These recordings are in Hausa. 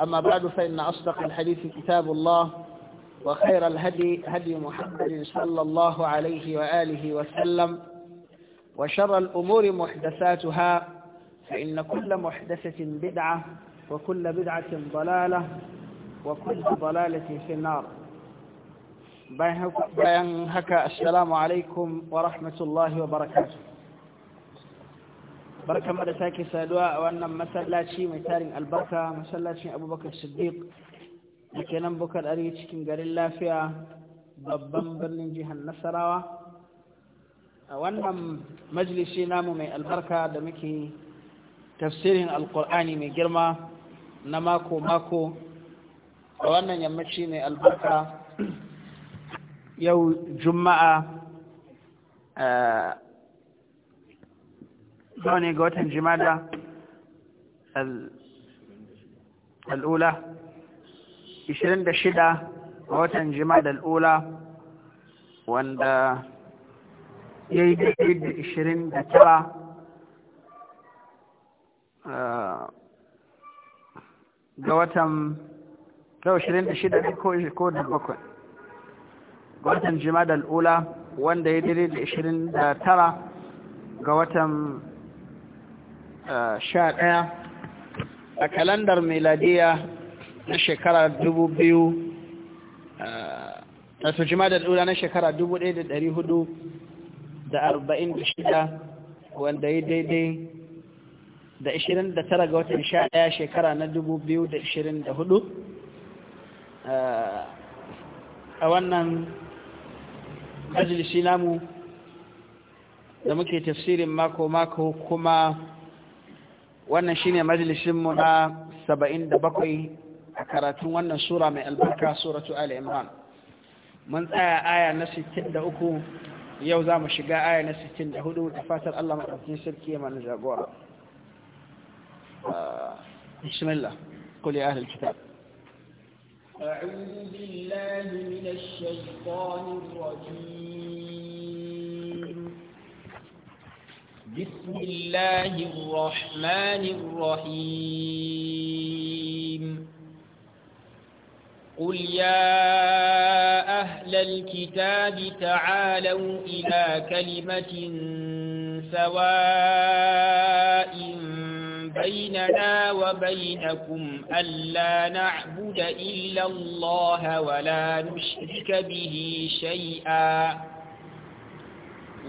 أما بعد فإن أصدق الحديث كتاب الله وخير الهدي هدي محمد صلى الله عليه وآله وسلم وشر الأمور محدثاتها فإن كل محدثة بدعة وكل بدعة ضلالة وكل ضلالة في النار بيان هكا السلام عليكم ورحمة الله وبركاته barkama da sake saduwa a wannan masallaci mai tarin albarka masallacin abubakar siddiq da ke nan bukar cikin garin lafiya babban birnin jihar nasarawa a wannan majalisi namu mai albarka da muke tafsirin alkur'ani mai girma na mako-mako a wannan yammaci mai albarka yau juma'a eh, yau ne ga watan jimada al'ula 26 ga watan jimada al'ula wanda ya yi daidai da 29 ah, ga watan ga 26 ko da bakwai ga watan jimada al'ula wanda ya daidai da 29 ga watan sha ɗaya a kalandar meladiya na shekara dubu biyu a sujima da dula na shekara dubu ɗaya da ɗari da arba'in da shida wanda ya daidai da ishirin da tara ga watan sha ɗaya shekara na dubu biyu da ishirin da a wannan majalisi namu da muke tafsirin mako-mako kuma wannan shine majalisinmu na saba'in da bakwai a karatun wannan sura mai albarka suratu ali imran mun tsaya aya na sittin da uku yau za mu shiga aya na sittin da hudu da fatar allah maɗaukin sarki ya mana jagora ah, bismillah kuli ahlul kitab أعوذ بالله من الشيطان الرجيم بسم الله الرحمن الرحيم قل يا أهل الكتاب تعالوا إلى كلمة سواء بيننا وبينكم ألا نعبد إلا الله ولا نشرك به شيئا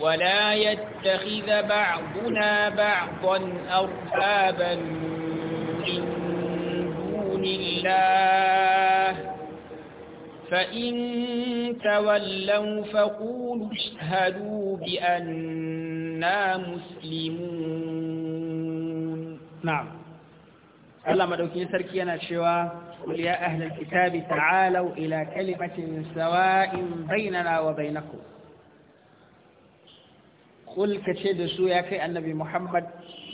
ولا يتخذ بعضنا بعضا أربابا من دون الله فإن تولوا فقولوا اشهدوا بأننا مسلمون نعم الله مدوكي سركي أنا شوى قل يا أهل الكتاب تعالوا إلى كلمة سواء بيننا وبينكم kul ce da su ya kai annabi muhammad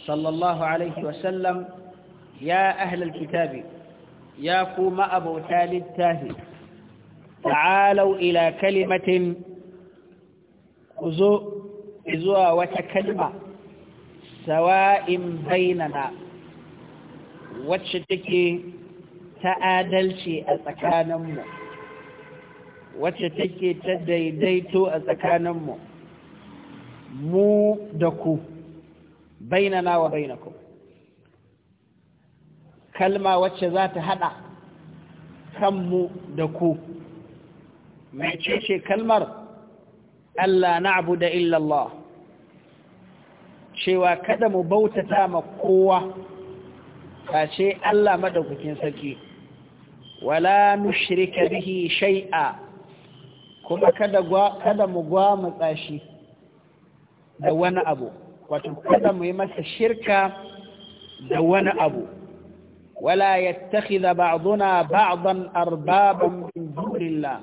sallallahu alaihi wasallam ya ahlal kitabi ya kuma abauta littafi ta'alau ila kalimatin ku zo zuwa wata kalma sawa'in bainana wacce take ta adalci a tsakaninmu wacce take ta daidaito a tsakaninmu mu da ku bainana wa bainakum kalma wacce za ta haɗa kanmu da ku mai ce kalmar Allah abu da illallah cewa kada mu bautata ma kowa ce Allah madaukakin sarki wala nushrika bihi shai'a. kuma kada mu gwa shi da wani abu wato kada mu yi masa shirka da wani abu wala yattakhidha ba'duna ba'dan arbaban min dunillah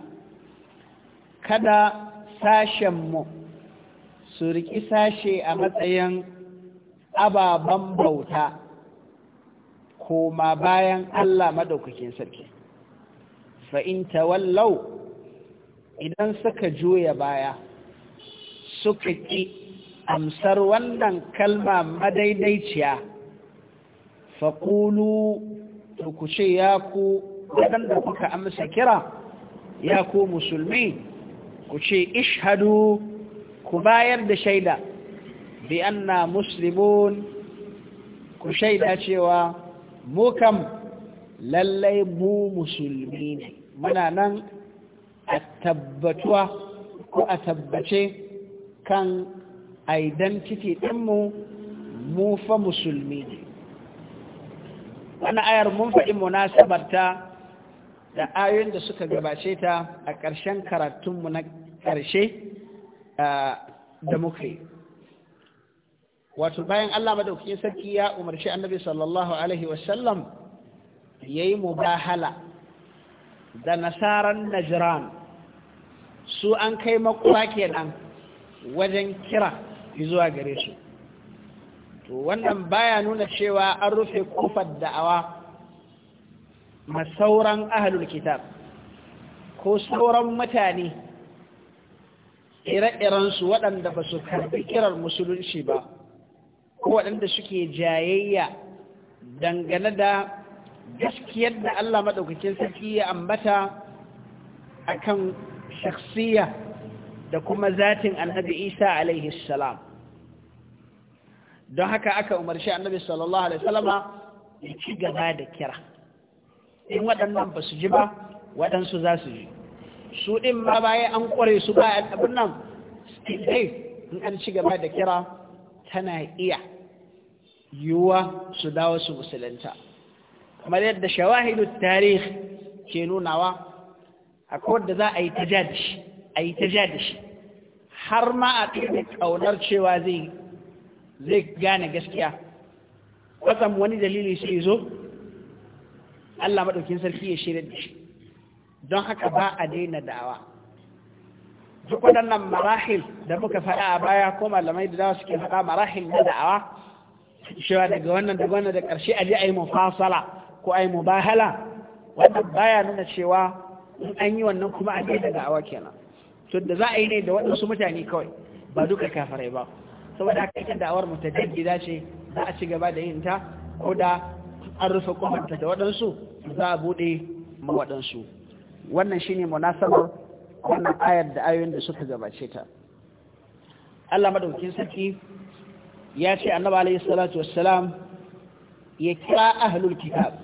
kada sashen mu su riki sashe a matsayin ababen bauta koma bayan Allah madaukakin sarki fa in tawallau idan suka juya baya suka ƙi amsar wannan kalma madaidaiciya faƙulu to ku ce ya ku waɗanda kuka amsa kira ya ku musulmi ku ce ishadu ku bayar da shaida bi anna muslimun ku shaida cewa mu kam lallai mu musulmi ne muna nan a tabbatuwa ko a tabbace kan identity ɗinmu mu fa musulmi ne wani ayar mun faɗi munasabarta da ayoyin da suka gabace ta a ƙarshen karatunmu na ƙarshe da muka yi wato bayan Allah madaukakin sarki ya umarci annabi sallallahu alaihi wasallam ya yi mubahala da nasaran najran su an kai makura kenan wajen kira zuwa gare su to wannan baya nuna cewa an rufe kofar da'awa ma sauran ahlul kitab ko sauran mutane ire-irensu waɗanda ba su karɓi kirar musulunci ba ko waɗanda suke jayayya dangane da gaskiyar da Allah maɗaukakin sarki ya ambata akan shakhsiya da kuma zatin annabi isa alaihi salam don haka aka umarci annabi sallallahu alaihi salama ya ci gaba da kira in waɗannan ba su ji ba waɗansu za su ji su ɗin ma baya an ƙware su ba abin nan stilai in an ci gaba da kira tana iya yiwuwa su dawo su musulunta kamar yadda shawahidu tarihi ke nunawa a kowar da za a yi ta jadishi a yi ta har ma a ɗaya ƙaunar cewa zai gane gaskiya kwatsam wani dalili sai zo Allah maɗaukin sarki ya shirya da shi don haka ba a daina dawa duk waɗannan marahil da muka faɗa a baya ko malamai da dawa suke faɗa marahil na da'awa cewa daga wannan da wannan da ƙarshe a je a yi mafasala ko a yi mubahala wannan baya nuna cewa in an yi wannan kuma a daina da'awa kenan to za a yi ne da waɗansu mutane kawai ba duka kafarai ba saboda aka ita da'awar mu ta jaddida ce za a ci gaba da yin ta ko da an rufe kofanta da waɗansu za a buɗe ma waɗansu wannan shi ne munasabar wannan ayar da ayoyin da suka gabace ta Allah Madaukin sarki ya ce annaba alayhi salatu wassalam ya kira ahlul kitab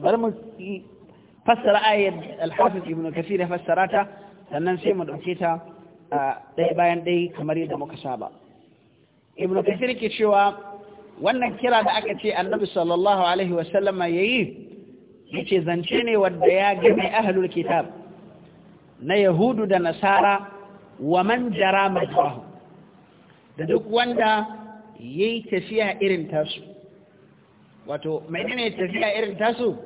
bari mu fassara ayar alhafiz ibn kasir ya fassara ta sannan sai mu ɗauke ta ɗaya bayan ɗaya kamar yadda muka saba ibn kasir ke cewa wannan kira da aka ce annabi sallallahu alaihi wasallama ya yi ya ce zance ne wadda ya gane ahalul kitab na yahudu da nasara wa man jara majahu da duk wanda ya yi tafiya irin tasu wato mai ne tafiya irin tasu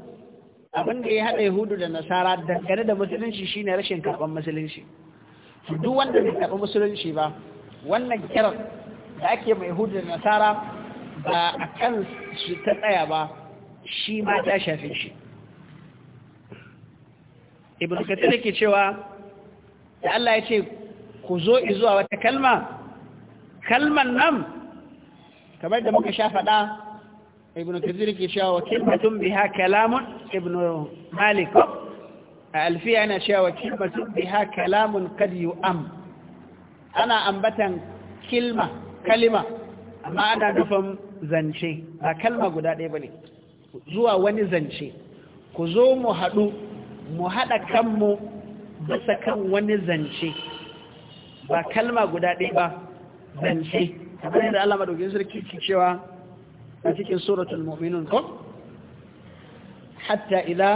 abin da ya haɗa yahudu da nasara dangane da musulunci shine rashin karɓar musulunci duk wanda bai karɓi musulunci ba wannan kiran da ake mai yahudu da nasara ba a kan su ta tsaya ba shi ma ta shafi shi ibn kathir yake cewa da Allah ya ce ku zo zuwa wata kalma kalman nan kamar da muka sha faɗa ibn kathir ke cewa kalimatun biha kalamun ibn malik a oh, alfiya yana cewa kalimatun biha kalamun kad yu'am ana ambatan kilma kalima amma ana nufin zance ba kalma guda ɗaya bane zuwa wani zance ku zo mu haɗu mu haɗa kanmu bisa kan wani zance ba kalma guda ɗaya ba zance kamar yadda Allah madaukakin sarki cewa فتكن سورة المؤمنون قل حتى إذا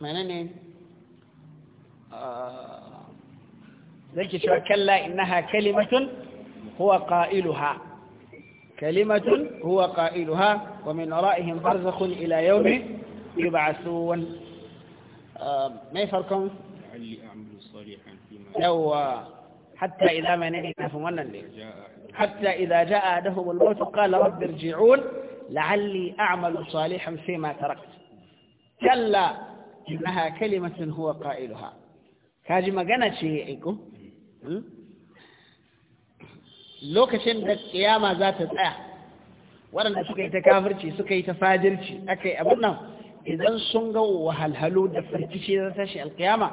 معنى ذلك شو كلا إنها كلمة هو قائلها كلمة هو قائلها ومن ورائهم برزخ إلى يوم يبعثون آه، ما يفرقون لعلي أعمل صالحا فيما يو حتى إذا ما نهي نفهم ولا ليه حتى إذا جاء أهدهم الموت قال رب ارجعون لعلي أعمل صالحا فيما تركت كلا إنها كلمة هو قائلها كاجي ما قنا شيئيكم لو كشن قيامة ذات الآية ولن أسكي تكافرتي سكي تفاجرتي أكي ابونا اذا سنقوا وهل هلو دفرتشي ذات الشيء القيامة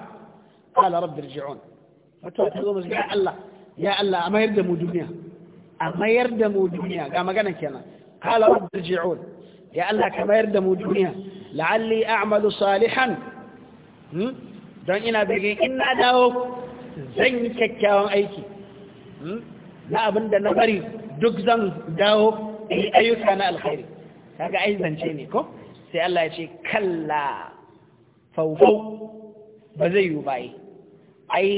قال رب ارجعون فتوى تقول يا الله يا الله أما يبدأ مجمعين a mayar da mu duniya ga magana kenan qala rabbi ya Allah ka mayar da mu duniya la'alli a'malu salihan hmm? don ina bege in na dawo zan yi kyakkyawan aiki hmm? na abinda na bari duk zan dawo yi ayyuka na alkhairi kaga ai zance ne ko sai Allah ya ce kalla faufau ba zai yi bayi ai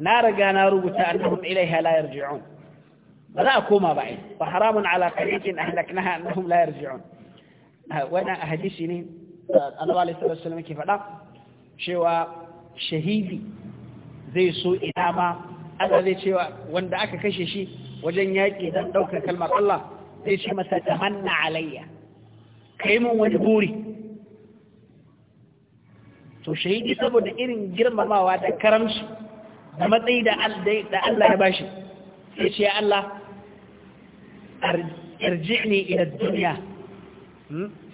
na riga na rubuta annahum ilaiha la yarji'un ba za a koma ba ai fa haramun ala qariqin ahlaknaha annahum la yarji'un wannan hadisi ne annabi alaihi salatu wasallam ke faɗa cewa shahidi zai so ina ma Allah zai cewa wanda aka kashe shi wajen yaƙi don ɗaukar kalmar Allah zai ce masa tamanna alayya kai mun wani buri to shahidi saboda irin girmamawa da karamci da matsayi da Allah ya bashi sai ce Allah ارجعني إلى الدنيا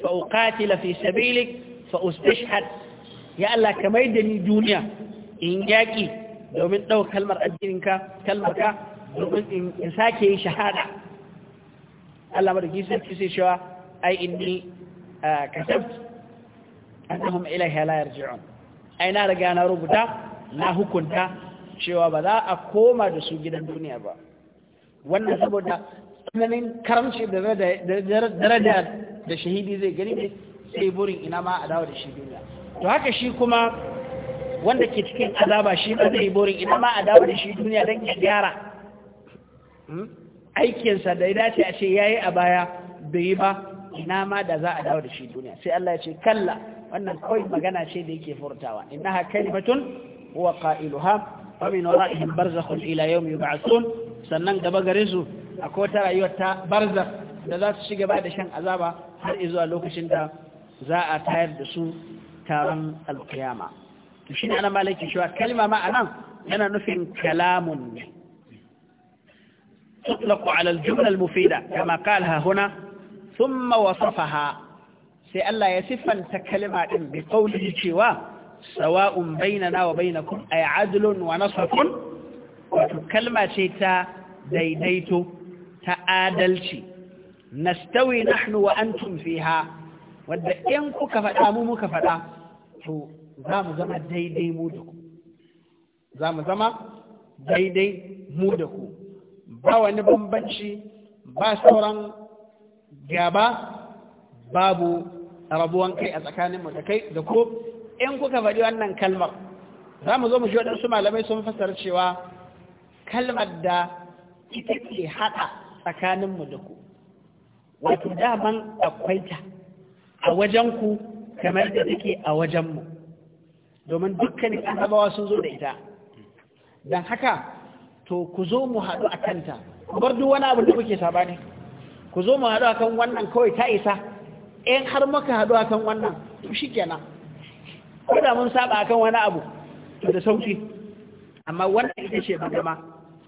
فأقاتل في سبيلك فأستشهد يا الله كما يدني دنيا إن جاكي لو من دو كلمة أدينك كلمة إن ساكي شهادة الله مرحبا يسر كسي شوى أي إني آه كسبت أنهم إليها لا يرجعون أي نارا قانا ربطا لا هكونتا cewa ba za a koma da su gidan duniya ba wannan saboda tsananin karamci da daraja da shahidi zai gani ne sai burin ina ma a dawo da shi duniya to haka shi kuma wanda ke cikin azaba shi ba zai burin ina ma a dawo da shi duniya don ya gyara hmm, aikinsa da ya dace a ce ya yi a baya bai yi ba ina ma da za a dawo da shi duniya sai Allah ya ce kalla wannan kawai magana ce da yake furtawa Inna ha? kalimatun huwa qailuha wa min wara'ihim barzakhun ila yawmi yub'athun sannan gaba gare su a kota rayuwar ta barza da za su shi gaba da shan azaba har izuwa lokacin da za a tayar da su taron alkiyama shi ne ana malaki shiwa kalima ma a nan yana nufin kalamun ne tuklaku alal jumlal mufida kama kalha huna sun mawasafa sai Allah ya siffanta kalima ɗin bi kauli cewa sawa'un baina wa bainakum ay adlun wa nasafun wato kalima ce ta daidaito ta adalci nastawi nahnu wa antum fiha wadda in kuka faɗa mu muka faɗa to za mu zama daidai mu da ku za mu zama daidai mu da ku ba wani bambanci ba sauran gaba babu rabuwan kai a tsakaninmu da kai da ku in kuka faɗi wannan kalmar za mu zo mu shi waɗansu malamai sun fassara cewa kalmar da kike ke haɗa tsakaninmu da ku wato daman akwai ta a wajenku kamar da take a wajenmu domin dukkanin annabawa sun zo da ita don haka to ku zo mu haɗu a kanta bar duk wani abu da kuke saba ne ku zo mu haɗu akan wannan kawai ta isa in har muka haɗu akan wannan to shikenan ko da mun saba akan wani abu to da sauki amma wannan ita ce magana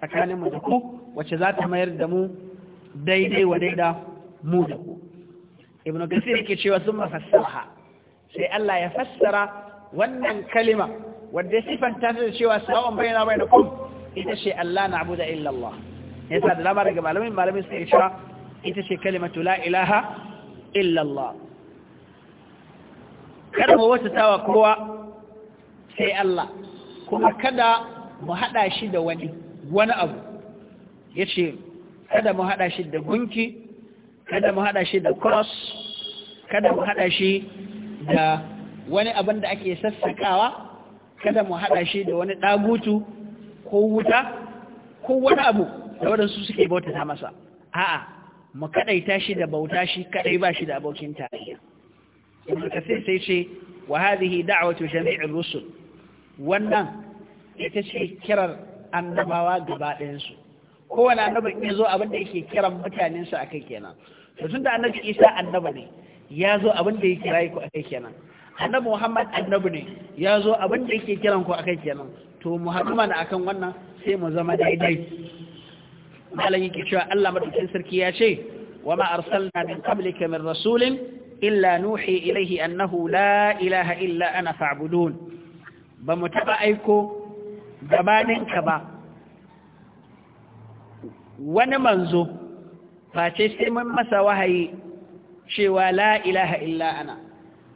tsakanin mu da ku wacce za ta mayar da mu daidai wa daida mu da ku ibn kasir yake cewa sun mafassara sai Allah ya fassara wannan kalima wanda sifan ta cewa sawon bayyana bayyana kun ita ce Allah na abu da illallah yasa da lamarin ga malamin malamin sai cewa ita ce kalimatu la ilaha illallah kada mu wata tawa kowa sai Allah kuma kada mu hada shi da wani wani abu ya ce. kada mu haɗa shi da gunki kada mu haɗa shi da cross kada mu haɗa shi da wani abin da ake sassakawa, kada mu haɗa shi da wani ɗagutu ko wuta ko wani abu da waɗansu suke bauta ta masa a'a mu kaɗaita shi da bauta shi kaɗai ba shi da abokin tarayya ibn sai ce wa hadhihi da'watu jami'ir rusul wannan ita ce kirar annabawa gaba ɗayan su kowane annabin ya zo abin da yake kiran mutanensa akai kenan to tunda annabi isa annaba ne ya zo abin da ya kira ku akai kenan annabi muhammad annabi ne ya zo abin da yake kiran ku akai kenan to mu haɗu mana akan wannan sai mu zama daidai malam yake cewa Allah madaukakin sarki ya ce wa ma arsalna min qablika min rasulin illa nuhi ilayhi annahu la ilaha illa ana fa'budun ba mu taba aiko gabaninka ba wani manzo face sai mun masa wahayi cewa la ilaha illa ana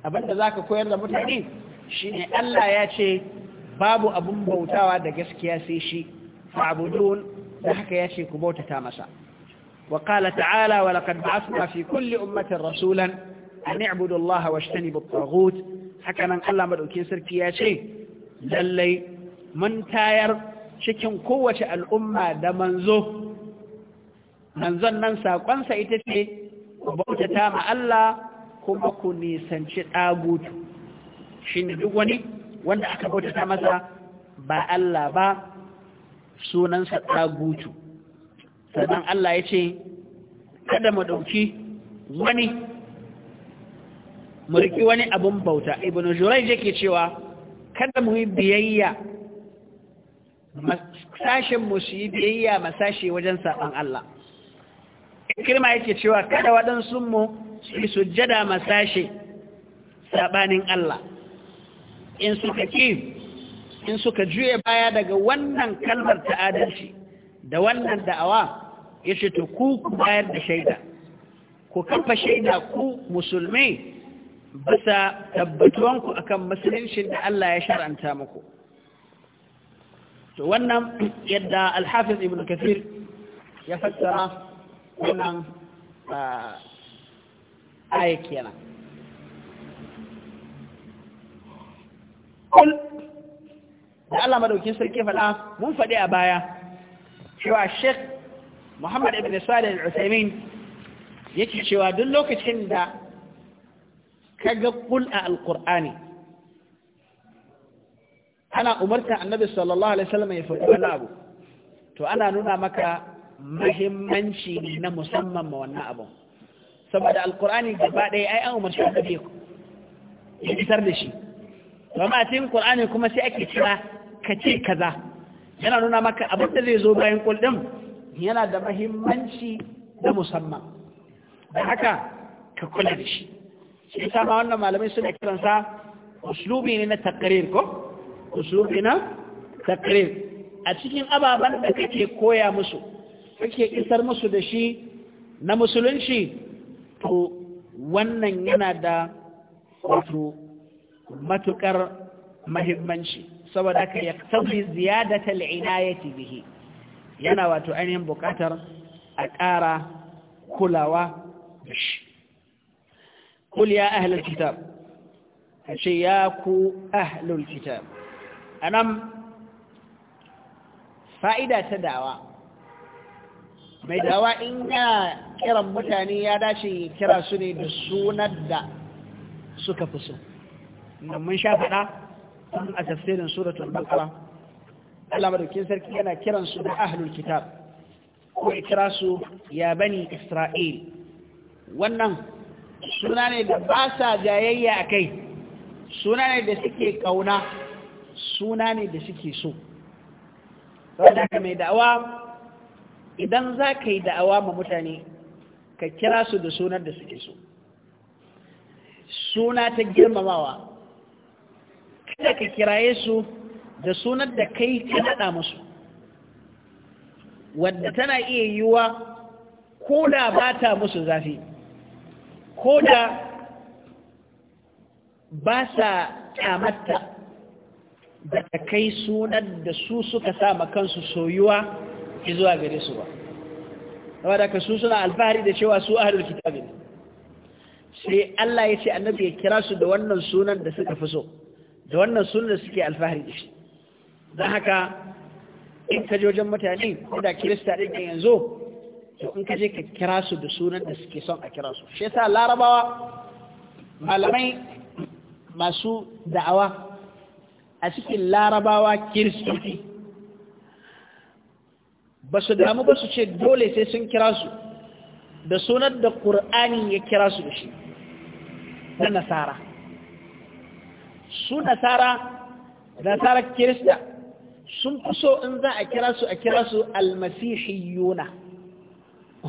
abinda zaka koyar da mutane shine Allah ya ce babu abun bautawa da gaskiya sai shi fa'budun da haka ya ce ku bautata masa wa qala ta'ala wa laqad ba'athna fi kulli ummatin rasulan an i'budu Allah washtanibu at-taghut haka nan Allah madaukin sarki ya ce lallai mun tayar cikin kowace al'umma da manzo manzon nan sakonsa ita ce ku bautata ma Allah kuma ku nisanci ɗagutu shi duk wani wanda aka bautata masa ba Allah ba sunansa ɗagutu sannan Allah ya ce kada mu ɗauki wani mu riki wani abun bauta ibn jurai yake cewa kada mu yi biyayya sashen mu su yi biyayya masashe wajen saɓan Allah kirma yake cewa kada waɗansu mu su sujjada masashe saɓanin Allah in suka ƙi in suka juye baya daga wannan kalmar ta da wannan da'awa ya to ku ku bayar da shaida ku kafa shaida ku musulmi bisa tabbatuwanku akan musulunci da Allah ya shar'anta muku to wannan yadda Alhafiz Ibn kafir ya fassara wannan aya kenan kul da Allah madaukin sarki faɗa mun faɗi a baya cewa Sheikh Muhammad ibn Salih al uthaymeen yake cewa duk lokacin da kaga kul a alqur'ani ana umarta annabi sallallahu alaihi wasallam ya faɗi wani abu to ana nuna maka muhimmanci na musamman ma wannan abu saboda alkur'ani gaba ɗaya ai an umarci a gabe ya isar da shi amma a cikin kur'ani kuma sai ake kira ka ce kaza yana nuna maka abin da zai zo bayan kul yana da muhimmanci da musamman da haka ka kula da shi shi yasa ma wannan malamai suna kiransa uslubi ne na takrir ko uslubi na takrir a cikin ababen da kake koya musu kake isar musu da shi na musulunci to wannan yana da wato matukar mahimmanci saboda aka ya tafi ziyadatal inayati bihi yana wato ainihin bukatar a ƙara kulawa da shi ce ya ku الكتاب أشياك A nan, fa'ida ta دعوة mai dawa in ya kiran mutane ya dace kira su ne da sunar da suka fi so mun sha tun a tafsirin suratul baqara Allah madaukin sarki yana kiran su da ahlul kitab ko kira su ya bani isra'il wannan suna ne da ba sa jayayya a kai suna ne da suke kauna suna ne da suke so wadda ka mai da'awa idan za ka yi da'awa ma mutane ka kira su da sunan da suke so suna ta girmamawa kada ka kiraye su da sunan da kai ka naɗa musu Wanda tana iya yiwuwa ko da ba ta musu zafi ko da ba sa kyamata da ta kai sunan da su suka sama kansu soyuwa zuwa gare su ba kuma da su suna alfahari da cewa su ahlul kitab sai Allah ya ce annabi ya kira su da wannan sunan da suka fi so da wannan sunan da suke alfahari da shi don haka in ka wajen mutane ko kirista ɗin ka yanzu to in ka je ka kira su da sunan da suke son a kira su shi yasa larabawa malamai masu da'awa a cikin larabawa kiristoci ba su damu ba su ce dole sai sun kira su da sunar da ƙur'ani ya kira su da shi na nasara su nasara nasara kirista sun fi so in za a kira su a kira su almasihiyuna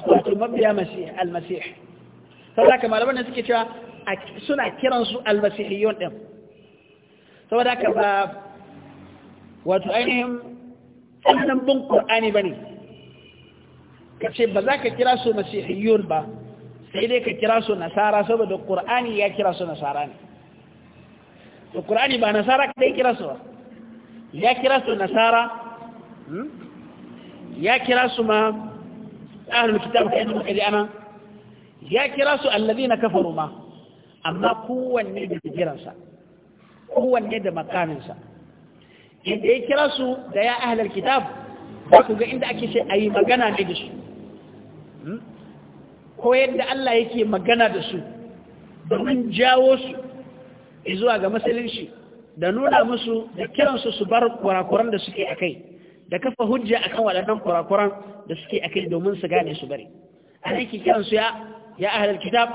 wato mabiya almasih saboda haka malaman da suke cewa suna kiransu almasihiyun ɗin saboda haka ba wato ainihin wannan bin Qur'ani bane ce ba za ka kira su masihiyun ba sai dai ka kira su nasara saboda ƙur'ani ya kira su nasara ne to ƙur'ani ba nasara kai kira su ba ya kira su nasara hmm? ya kira su ma ahlul kitab kai da muka ji ana ya kira su na kafaru ma amma kowanne da kiransa kowanne da makaminsa inda ya kira su da ya ahalar kitab ba ku ga inda ake ce a yi magana ne da su hmm? ko yadda Allah yake magana da su domin jawo su zuwa ga matsalin shi da nuna musu da kiransu su bar kurakuran da suke a kai da kafa hujja a kan waɗannan kurakuran da suke a kai domin su gane su bari a nan yake kiransu ya ahalar kitab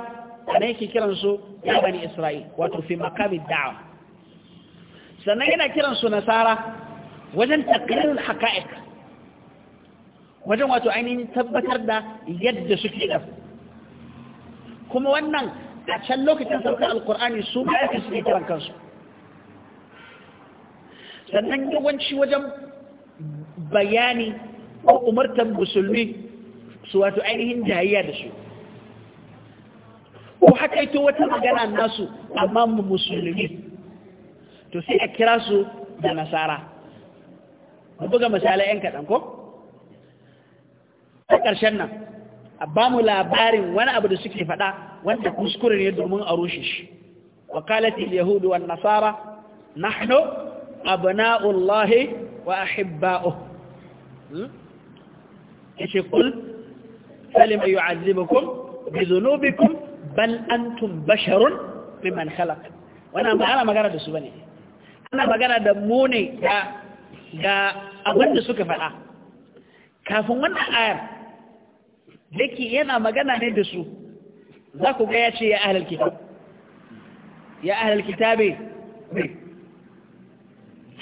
a nan yake kiransu ya bani isra'il wato fi makamin da'awa sannan yana kiransu nasara wajen takarar haka'ik wajen wato ainihin tabbatar da yadda suke da kuma wannan a can lokacin saukar alkur'ani su ma'aikin suke kiran kansu sannan yawanci wajen bayani ko umartan musulmi su wato ainihin jayayya da su ko haka ito wata magana nasu amma musulmi to sai a kira su da nasara mu buga misalai yan kaɗan ko a ƙarshen nan a ba mu labarin wani abu da suke faɗa wanda kuskure ne domin a rushe shi yahudi yahudu wan nasara nahnu abna'ullahi wa ahibba'uhu hmm? yace kul salim yu'azzibukum bi dhunubikum bal antum basharun mimman khalaq wannan ba ana magana da su ne. ana magana da mu ne ga abin da suka faɗa kafin wannan ayar dake yana magana ne da su za ku ga ya ce ya ahalar kitab ya ahalar kitabe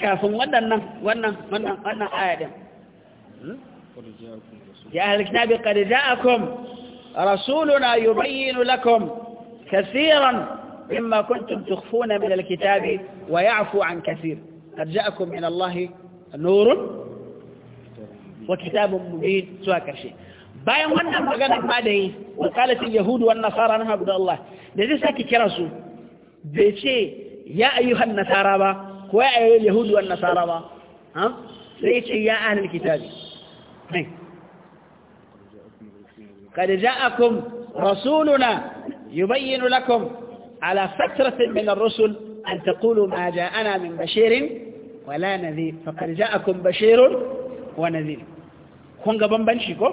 kafin waɗannan wannan wannan wannan ayar din ya ahalar kitabe qad ja'akum rasuluna yubayyinu lakum kasiran مما كنتم تخفون من الكتاب ويعفو عن كثير قد جاءكم من الله نور وكتاب مبين سوى كرشي bayan wannan maganar ma da yi wakalatin yahudu wannan nasara na abu da Allah da zai sake kira su bai ce ya ayyuhan nasara ba ko ya ayyuhan yahudu wannan nasara ba sai ce ya ahlul kitabi قد جاءكم رسولنا يبين لكم على فترة من الرسل أن تقولوا ما جاءنا من بشير ولا نذير فقد جاءكم بشير ونذير كون كونغا بمبنشيكو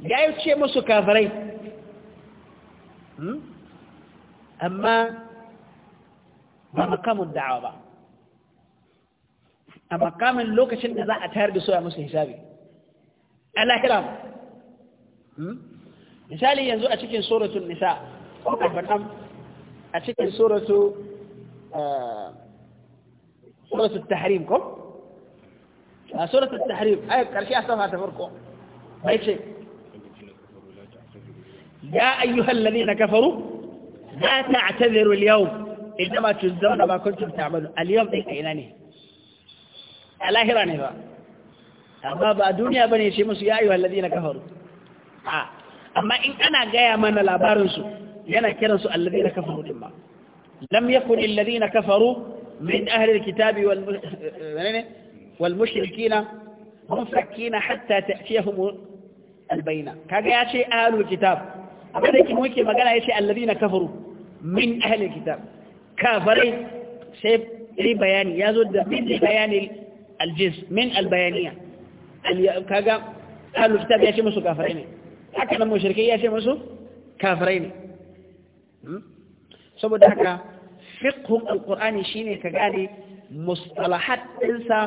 جاءوا تشيء موسو كافرين أما بمقام الدعوة بمقام اللوكة شنة ذا أتهار بسوء مسو حسابي الله كرام مثالي ينزو أشكين سورة النساء نعم. آه، سوره التحريم آه، سوره التحريم يا ايها الذين كفروا لا تعتذروا اليوم انما تجزون ما كنتم تعملون اليوم اي كاينني الا هراني اما بعد دنيا بني شمس يا ايها الذين كفروا آه. اما ان انا جاي من لابارنسو لأن كرس الذين كفروا لما لم يكن الذين كفروا من أهل الكتاب والمشركين مفكين حتى تأتيهم البينة كأيش أهل الكتاب أبدك ممكن ما قال أيش الذين كفروا من أهل الكتاب كافر سيب لي بياني يزود من بيان الجزء من البيانية اللي كذا أهل الكتاب يا شيء مسوا كافرين حكنا مشركين يا شيء مسوا كافرين Hmm? saboda haka fikhun alqur'ani shine ka gane mustalahat ɗinsa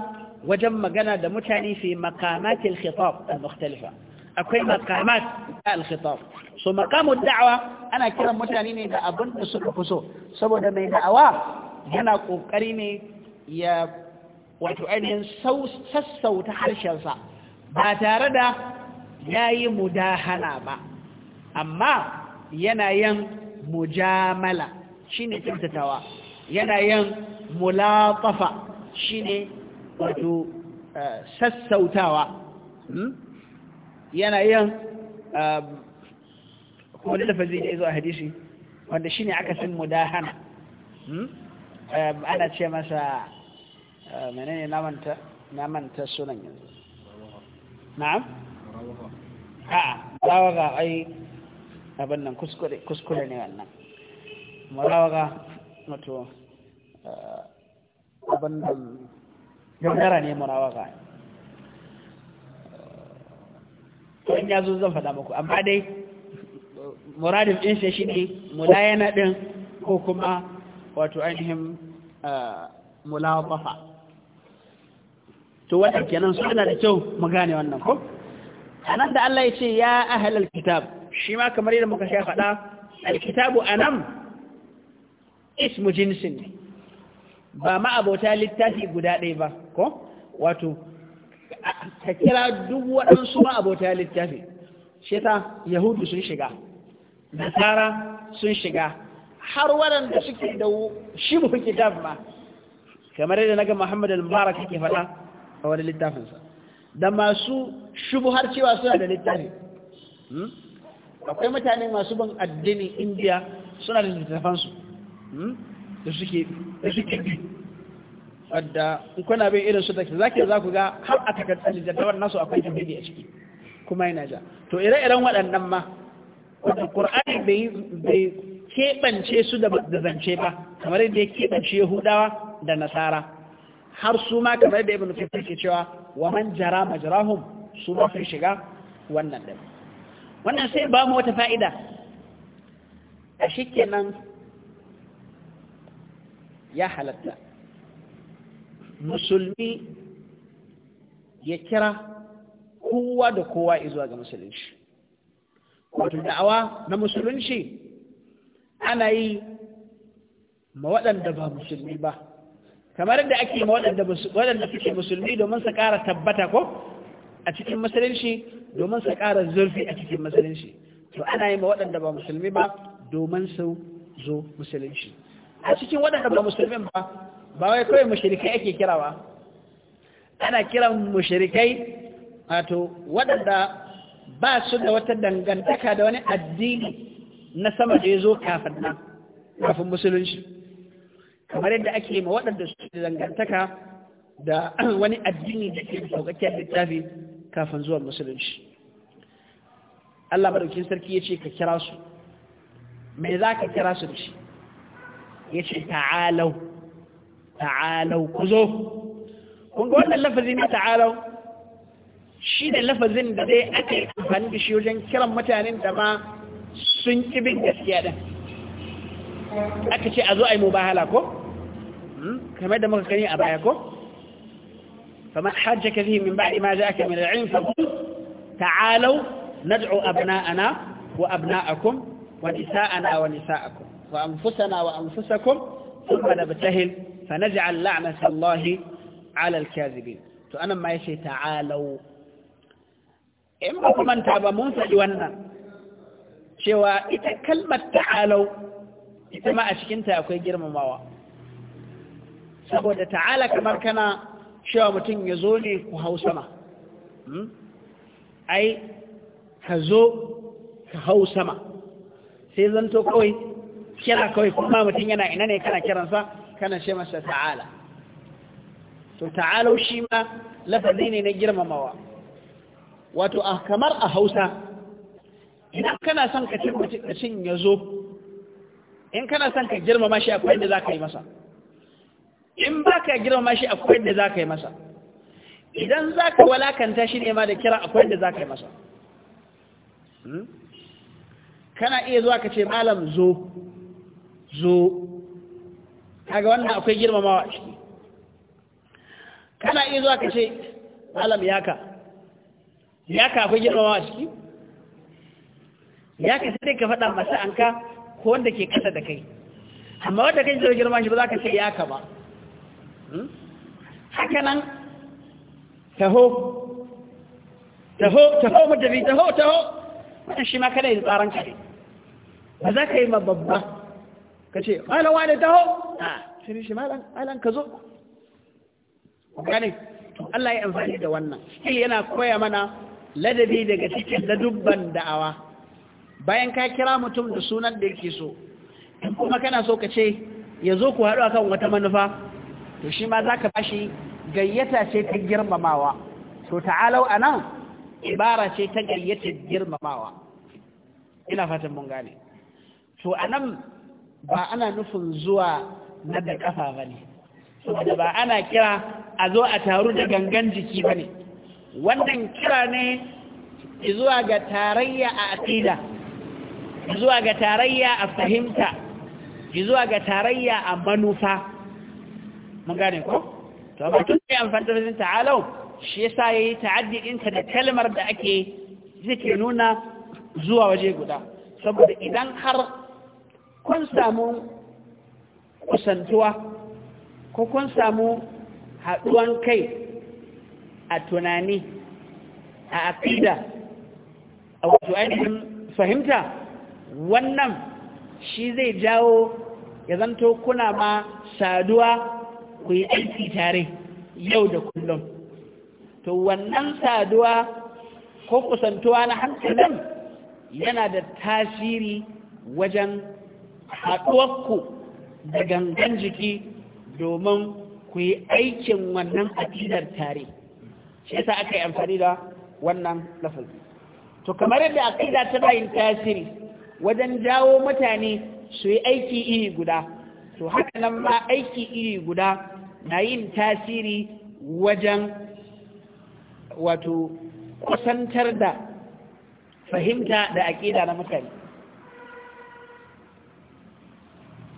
wajen magana da mutane fi al khitab al-mukhtalifa akwai makamat al-khitab so makamud da'wa ana kiran mutane ne da abin da suka fi so saboda mai da'awa yana kokari ne ya wato ainihin sassauta harshensa ba tare da yayi mudahana ba amma yana mujamala shine kyautatawa yana yin mulatafa shine wato eh, sassautawa hmm? yana yin eh, kuma da lafazi da yazo a hadisi wanda shine aka sun mudahana hmm? eh, ana ce masa menene namanta namanta sunan yanzu na'am a'a rawaga ai abin nan kuskure ne wannan marawaga mato eh, abin nan gangara ne marawaga eh, in ya zo zan faɗa muku amma dai muradin ɗin shi ne mulayana ɗin ko kuma wato ainihin eh, mulawa ƙafa to wadda kenan suna da kyau mu gane wannan ko a nan da Allah ya ce ya ahalar kitab shi ma kamar yadda muka sha faɗa alkitabu anam ismu jinsin ne ba ma abota littafi guda ɗaya ba ko wato ta kira duk waɗansu ma abota littafi shi ta yahudu sun shiga nasara sun shiga har waɗanda suke da shibu kitab ma kamar yadda naga Muhammad al-Mubarak yake faɗa a wani littafinsa da masu har cewa suna da littafi hmm? akwai mutane masu bin addinin indiya suna da littattafansu hmm, da suke bi wadda kuna bin irin su da zaki za ku ga har a takardar littattafar nasu akwai jirgin a ciki kuma yana ja to ire-iren waɗannan ma wadda ƙur'ani bai keɓance su da zance ba kamar yadda ya keɓance yahudawa da nasara har su ma kamar yadda ibn fitar ke cewa wa man jara majrahum su ma sun shiga wannan ɗin wannan sai ba mu wata fa'ida a shi nan ya halatta musulmi ya kira kowa da kowa izuwa ga musulunci wato da'awa na musulunci ana yi ma waɗanda ba musulmi ba kamar da ake ma waɗanda suke musulmi domin su ƙara tabbata ko a cikin musulunci domin su ƙara zurfi a cikin musulunci to ana yi ma waɗanda ba musulmi ba domin su zo musulunci a cikin waɗanda ba musulmin ba ba wai kawai mushrikai ake kirawa. ana kiran mushrikai wato waɗanda ba su da wata dangantaka da wani addini na sama da ya zo kafin nan kafin musulunci kamar yadda ake ma waɗanda su da dangantaka da wani addini da ke saukakken littafi kafin zuwan musulunci Allah madaukin sarki ya ce ka kira su me za ka kira su da shi ya ce ta'alau ta'alau ku zo kun ga wannan lafazin na ta'alau shi da lafazin da zai aka yi amfani da shi wajen kiran mutanen da ma sun ƙi bin gaskiya ɗin aka ce a zo a yi mubahala ko hmm? kamar da muka kani a baya ko فمن حاجك فيه من بعد ما جاءك من العلم فقل تعالوا ندعو أبناءنا وأبناءكم ونساءنا ونساءكم وأنفسنا وأنفسكم ثم نبتهل فنجعل لعنة الله على الكاذبين to anan ma yace ta'alau in ba ku manta ba mun faɗi wannan cewa ita kalmar ta'alau ita ma a cikinta akwai girmamawa saboda ta'ala kamar kana cewa mutum ya zo ne ku hau sama hmm? ai ka zo ka hau sama sai zanto kawai kira kawai kuma mutum yana ina ne kana kiransa kana ce masa ta'ala to ta'ala shi ma lafazi ne na girmamawa wato a kamar a hausa ina kana son ka cin ya zo in kana son ka girmama shi akwai da za ka yi masa in ba ka girmama shi akwai yadda za ka yi masa idan za ka walakanta shi ne ma da kira akwai yadda za ka yi masa hmm? kana iya zuwa ka ce malam zo zo kaga wannan akwai girmamawa a ciki kana iya zuwa ka ce malam yaka yaka akwai girmamawa a ciki yaka sai ka faɗa masa an ka ko wanda ke ƙasa da kai amma wanda kai zai girma shi ba za ka ce yaka ba Hakanan, taho taho taho madabi taho taho wannan shi ma kada yin tsaron kare ba za ka yi ma babba ka ce malam wane taho a shirin shi malam ka zo gane Allah ya amfani da wannan shi yana koya mana ladabi daga cikin ladubban da'awa bayan ka kira mutum da sunan da yake so kuma kana so ka ce ya zo ku haɗu akan wata manufa to shi ma ka bashi gayyata ce ta girmamawa to ta'alau nan ibara ce ta gayyata girmamawa ina fatan mun gane to a nan ba ana nufin zuwa na da kafa ne saboda ba ana kira a zo a taru da gangan jiki ba ne. wannan kira ne zuwa ga tarayya a aqida zuwa ga tarayya a fahimta zuwa ga tarayya a manufa mun gane ko to amma tun amfani da lafazin ta'alau shi yasa yayi ta'addi ɗinka da kalmar da ake zike nuna zuwa waje guda saboda idan har kun samu kusantuwa ko kun samu haɗuwan kai a tunani a aƙida a wato ainihin fahimta wannan shi zai jawo ya zanto kuna ma saduwa ku yi aiki tare yau da kullum to wannan saduwa ko kusantuwa na hankalin yana da tasiri wajen haɗuwarku da gangan jiki domin ku yi aikin wannan aƙidar tare shi yasa aka yi amfani da wannan lafazi to kamar yadda aƙida tana yin tasiri wajen jawo mutane su yi aiki iri guda to haka nan ma aiki iri guda na yin tasiri wajen wato kusantar da fahimta da aƙida na mutane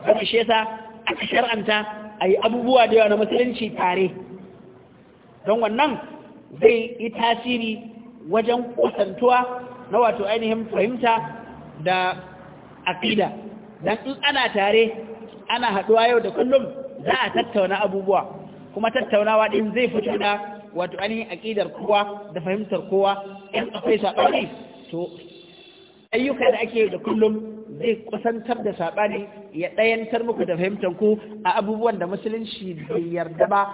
kuma shi yasa aka shar'anta a yi abubuwa da yawa na musulunci tare don wannan zai yi tasiri wajen kusantuwa na wato ainihin fahimta da aƙida don in ana tare ana haɗuwa yau da kullum za a tattauna abubuwa kuma tattaunawa din zai fito da wato ainihin aƙidar kowa da fahimtar kowa in akwai saɓani to ayyuka da ake da kullum zai kusantar da saɓani ya ɗayantar muku da fahimtar ku a abubuwan da musulunci bai yarda ba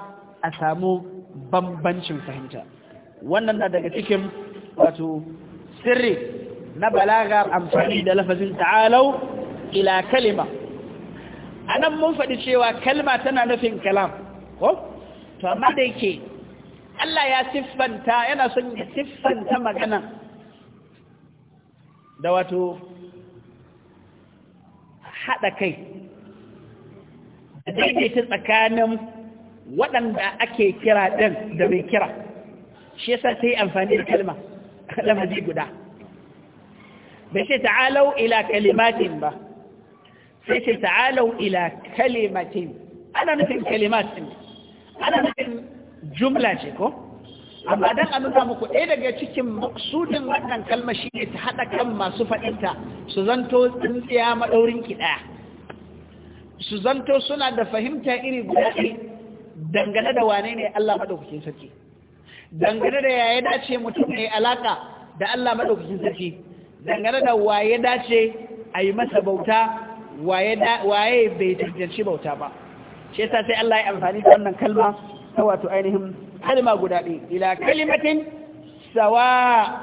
a samu bambancin fahimta wannan na daga cikin wato sirri na balagar amfani da lafazin ta'alau ila kalima a nan mun faɗi cewa kalma tana nufin kalam ko to amma da yake Allah ya siffanta yana son ya siffanta magana da wato haɗa kai da daidaita tsakanin waɗanda ake kira ɗin da bai kira shi yasa sai amfani da kalma lamazi guda bai ce ta'alau ila kalimatin ba sai ce ta'alau ila kalimatin ana nufin kalimat din ana nufin jumla ce ko amma dan a nuna muku ɗaya daga cikin maksudin wannan kalma shi ne ta haɗa kan masu faɗinta su zanto tsintsiya maɗaurin ki ɗaya su zanto suna da fahimta iri guda ɗaya dangane da wane ne Allah maɗaukakin sarki dangane da yaya dace mutum ne alaƙa da Allah maɗaukakin sarki dangane da waye dace a yi masa bauta waye bai cancanci bauta ba shi yasa sai Allah ya amfani da wannan kalma ta wato ainihin kalma guda ɗaya ila kalimatin sawa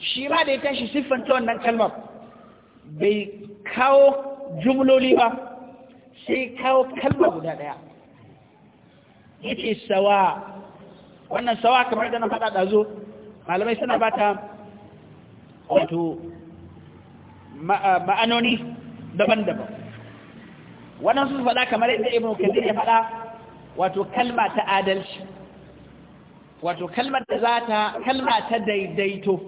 shi ma da ya tashi ta wannan kalmar bai kawo jumloli ba sai kawo kalma guda ɗaya yace sawa wannan sawa kamar da na faɗa ɗazo malamai suna ta. wato ma'anoni daban-daban waɗansu su faɗa kamar yadda ibn kathir ya faɗa wato kalma ta adalci wato kalmar da za ta kalma ta daidaito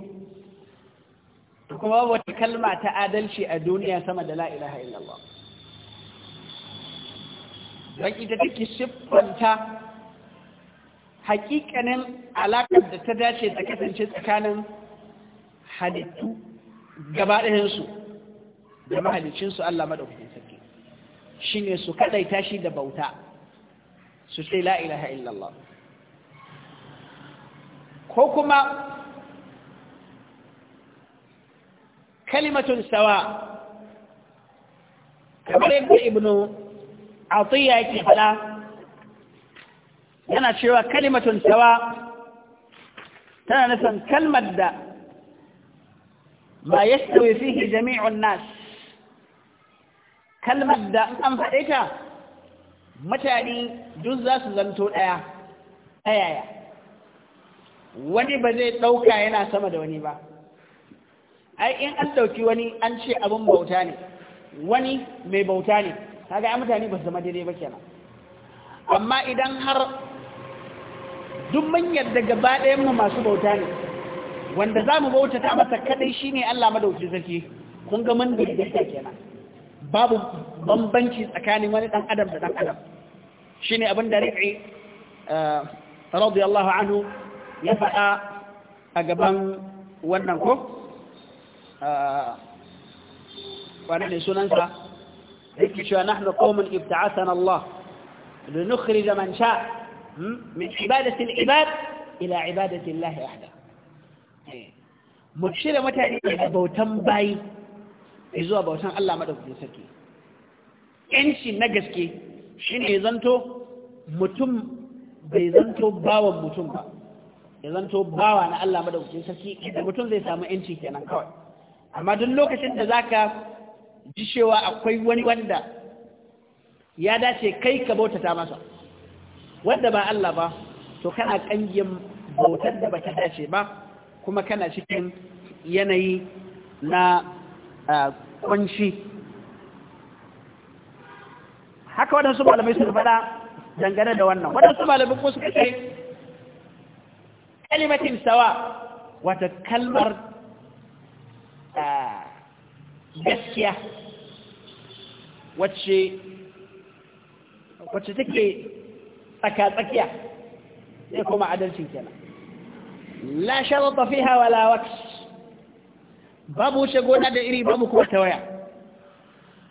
kuma wata kalma ta adalci a duniya sama da la illallah don ita take siffanta hakikanin alaƙar da ta dace ta kasance tsakanin halittu gabaɗayansu da mahalicinsu Allah maɗaukakin sarki shi ne su kaɗaita shi da bauta su ce la ilaha illallah ko kuma kalimatun sawa kamar yadda ibnu atiyya yake faɗa yana cewa kalimatun sawa tana nufin kalmar da ma yastawi fihi jami'un nas kalmar da an faɗe ta mutane duk za su zanto ɗaya ɗayaya wani ba zai ɗauka yana sama da wani ba ai in an ɗauki wani an ce abin bauta ne wani mai bauta ne kaga mutane ba su zama daidai ba kenan amma idan har duk mun yarda gaba ɗayan mu masu bauta ne wanda za mu bauta ta masa kaɗai ne Allah madauki zaki? kun ga mun daidaita kenan babu bambanci tsakanin wani dan adam da dan adam shine abin da rifi eh, radiyallahu anhu ya faɗa a gaban wannan ko eh, wani ne sunansa yake cewa nahnu qaumun ibta'athana Allah linukhrij man sha hmm, min ibadati al-ibad ila ibadati Allah wahda eh, mu shirya mutane da bautan bayi zuwa bautan Allah madaukakin sarki yanci na gaske shi shine zanto mutum bai zanto bawan mutum ba ya zanto bawa na Allah madaukakin sarki da mutum zai samu yanci kenan kawai amma duk lokacin da zaka ji cewa akwai wani wanda ya dace kai ka bautata masa wanda ba Allah ba to kana ƙangiyar bautar da bata dace ba kuma kana cikin yanayi na kunshi haka waɗansu malamai sun faɗa dangane da wannan waɗansu malamai kuma suka ce kalimatin sawa wata kalmar gaskiya wacce wacce take tsaka-tsakiya sai kuma adalcin kenan la sharata fiha wala waqs babu wuce gona da iri babu kuma waya.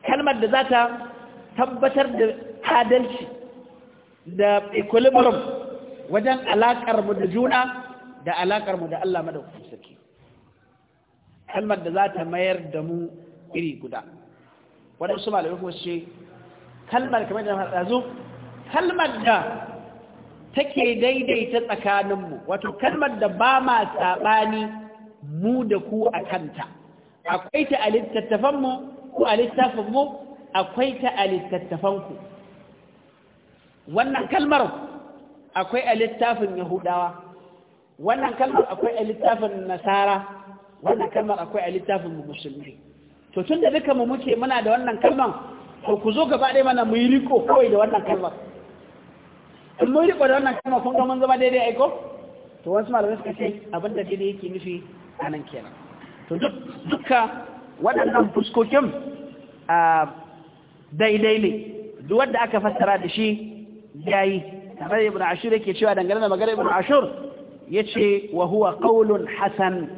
kalmar da za ta tabbatar da adalci da equilibrium wajen alaƙarmu da juna da alaƙarmu da Allah madaukakin sarki kalmar da za ta mayar da mu iri guda su malamai kuma ce kalmar kamar da zu kalmar da take daidaita tsakaninmu wato kalmar da ba ma saɓani mu da ku a kanta akwai ta a littattafanmu ko a littafinmu akwai ta a littattafanku wannan kalmar akwai a littafin yahudawa wannan kalmar akwai a littafin nasara wannan kalmar akwai a littafin musulmi to tun da duka mu muke muna da wannan kalmar to ku zo gaba ɗaya mana mu yi riko kawai da wannan kalmar in mun riko da wannan kalmar kun ga mun zama daidai aiko to wasu malamai suka ce abin da daidai yake nufi anan kenan to duka waɗannan fuskokin daidai ne duk wanda aka fassara da shi yayi kamar ibn ashur yake cewa dangane da magana ibn ashur yace wa huwa qaulun hasan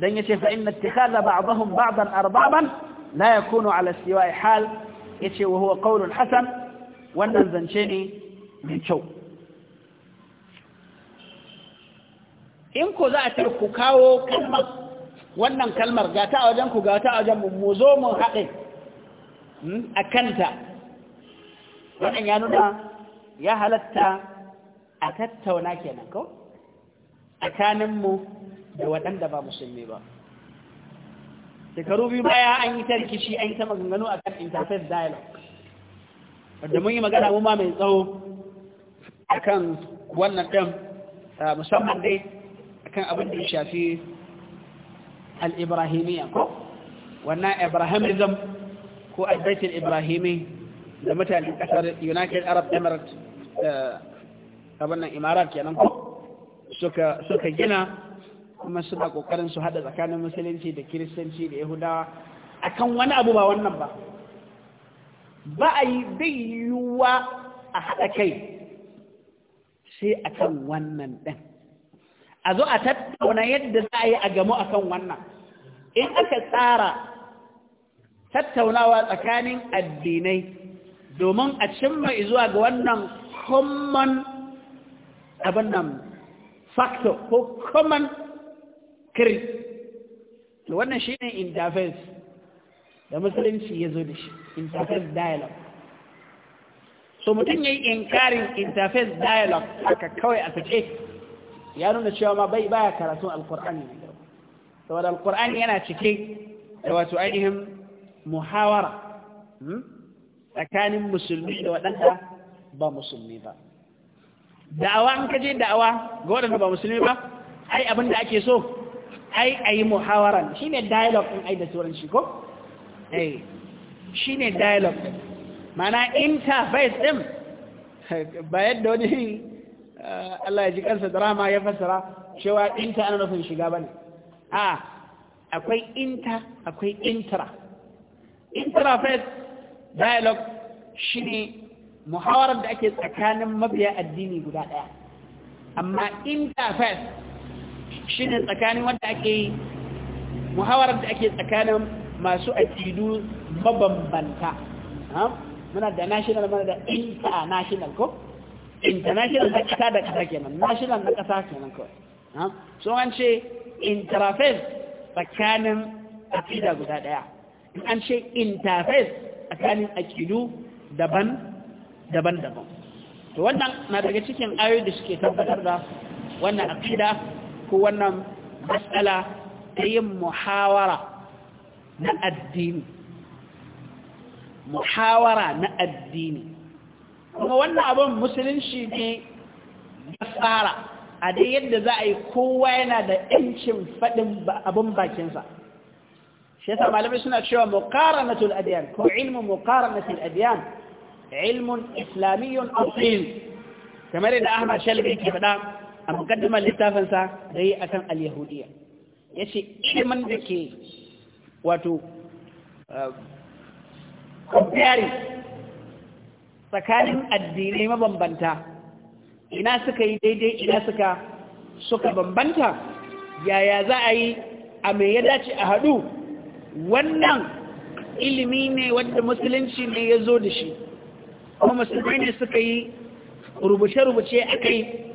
dan yace fa inna ittikhadha ba'dahum ba'dan arbaban la yakunu ala istiwa'i hal yace wa huwa qaulun hasan wannan zance ne mai kyau in ko za a ce ku kawo kalmar wannan kalmar ga ta wajen ku ga ta wajen mu zo mu haɗe hmm, a kanta wannan ya nuna ya halatta a tattauna kenan ko tsakaninmu da waɗanda ba musulmi ba shekaru biyu baya an yi ta rikici an yi ta maganganu a kan interfaith dialogue wadda mun yi magana mu ma mai tsawo a kan wannan ɗin ah, musamman dai akan abin da shafi al-ibrahimiyya ko wannan ibrahimism ko albaitin ibrahimi da mutanen kasar united arab emirates da abinnan imarat kenan ko suka gina kuma suna kokarin su hada tsakanin musulunci da kiristanci da yahudawa akan wani abu ba wannan ba ba a yi yiwuwa a haɗa kai sai akan wannan ɗan. a zo a tattauna yadda za a yi a gamu akan wannan in aka tsara tattaunawa tsakanin addinai domin a cimma zuwa ga wannan common abin nan factor ko common Da wannan shi ne interface da musulunci ya zo da shi interface dialogue so mutum ya yi inkarin interface dialogue haka kawai a sake ya nuna cewa ma bai baya karatun alkur'ani saboda alkur'ani yana cike da wato ainihin muhawara hmm, tsakanin musulmi da waɗanda ba musulmi ba da'awa an kaje da'awa ga waɗanda ba musulmi ba ai abin da ake so ai a yi muhawaran shi ne dialogue ɗin ai da turanci ko? ai eh, shi ne dialogue ɗin mana interface ɗin ba yadda wani Eh, Allah ya ji kansa drama ya fassara cewa inta ana nufin shiga bane a akwai inta akwai intra intrafaith dialogue shine muhawarar da ake tsakanin mabiya addini guda daya amma interfaith shine tsakanin wanda ake muhawarar da ake tsakanin masu akidu mabambanta muna da national muna da international ko international na kasa da kasa kenan national na kasa kenan kawai so an ce interface tsakanin akida guda daya in an ce interface tsakanin akidu daban daban daban to wannan na daga cikin ayoyi da suke tabbatar da wannan akida ko wannan matsala ta yin muhawara na addini muhawara na addini kuma wannan abin musulunci ne ya tsara a dai yadda za a yi kowa yana da ‘yancin faɗin abin bakinsa shi yasa malamai suna cewa muqaranatul adiyan ko ilmin muqaranatul adiyan ilmin islamiyyun asil kamar yadda Ahmad shal ke faɗa a mukaddimar littafinsa da yi akan al-yahudiyya yace ilimin da ke wato uh, comparing tsakanin addinai mabambanta ina suka yi daidai ina suka suka bambanta yaya za a yi a mai ya dace a haɗu wannan ilimi ne wanda musulunci ne ya zo da shi kuma musulmai ne suka yi rubuce-rubuce a kai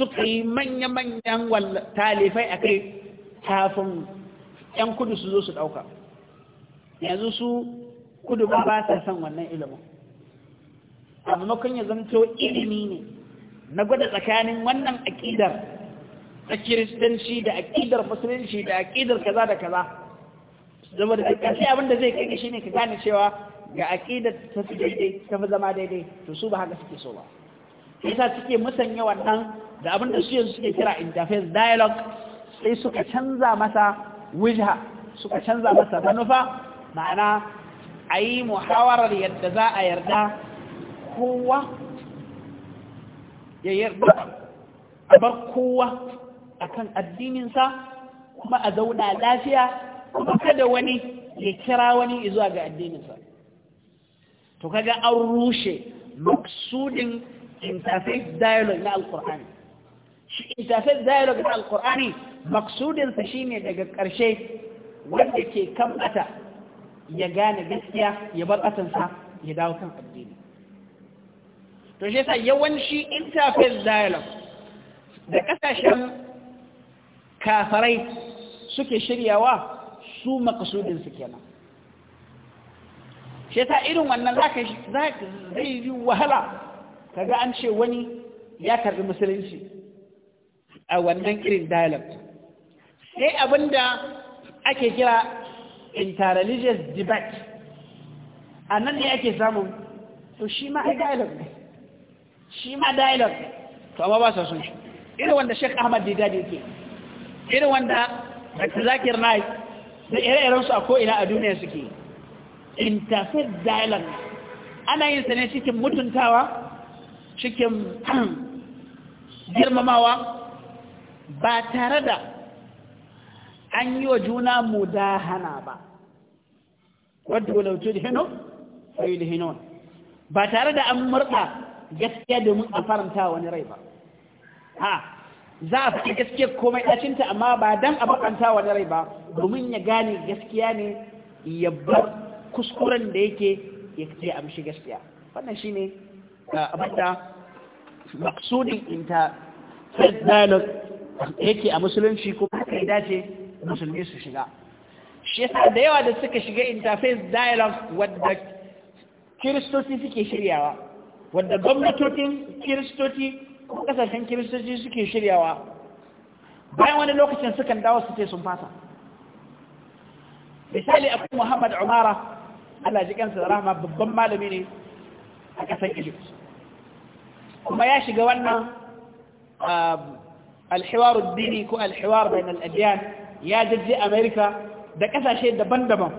suka yi manya-manyan talifai a kai kafin 'yan kudu su zo su ɗauka yanzu su kudu ba ba sa son wannan ilimin sammakon ya zanto ilimi ne na gwada tsakanin wannan aƙidar ta kiristanci da aƙidar musulunci da aƙidar kaza da kaza zama da ƙarshe abinda zai kai shi ne ka gane cewa ga aƙidar ta fi daidai ta fi zama daidai to su ba haka suke so ba yasa suke musanya wannan da abinda su yanzu suke kira interface dialogue sai suka canza masa wujha suka canza masa manufa ma'ana a yi muhawarar yadda za a yarda kowa ya yarda a bar kowa kan addininsa kuma a zauna lafiya kuma kada wani ya kira wani zuwa ga addininsa to kaga an rushe maksudin interfaith dialogue na alkur'ani shi interfaith dialogue na alkur'ani maksudinsa shine daga ƙarshe wanda ke kamata ya gane gaskiya ya bar atansa ya dawo kan addini to shi yasa yawanci interface dialogue da kasashen kafarai suke shiryawa su makasudin su kenan shi sa irin wannan zaka zai yi wahala kaga an ce wani ya karbi musulunci a wannan irin dialogue sai abinda ake kira interreligious debate a nan ne ake samun to shi ma a dialogue ne shi ma dialogue to amma ba sa son shi irin wanda Sheikh Ahmad Didaji yake irin wanda Dr. Zakir Naik da ire-iren su a ko ina a duniya suke interfaith dialogue ana yin sa ne cikin mutuntawa cikin girmamawa ba tare da an yi wa juna mudahana ba wadda wadda wadda wadda wadda da wadda ba tare da an murɗa gaskiya domin a faranta wani rai ba ha za a fi gaskiya komai ɗacinta amma ba dan a bakanta wani rai ba domin ya gane gaskiya ne ya bar kuskuren da yake ya ce amshi gaskiya wannan shi shine abinda maksudin inta dialogue yake a musulunci ko kuma kai dace musulmi su shiga shi yasa da yawa da suka shiga interface dialogue wadda kiristoci suke shiryawa wanda gwamnatocin kiristoci ko kasashen kiristoci suke shiryawa bayan wani lokacin sukan dawo su ce sun fasa misali akwai muhammad umara Allah ji da rahama babban malami ne a ƙasar egypt kuma ya shiga wannan um, alhiwarun dini ko alhiwar bayan al'adiyan ya jajje amerika da ƙasashe daban-daban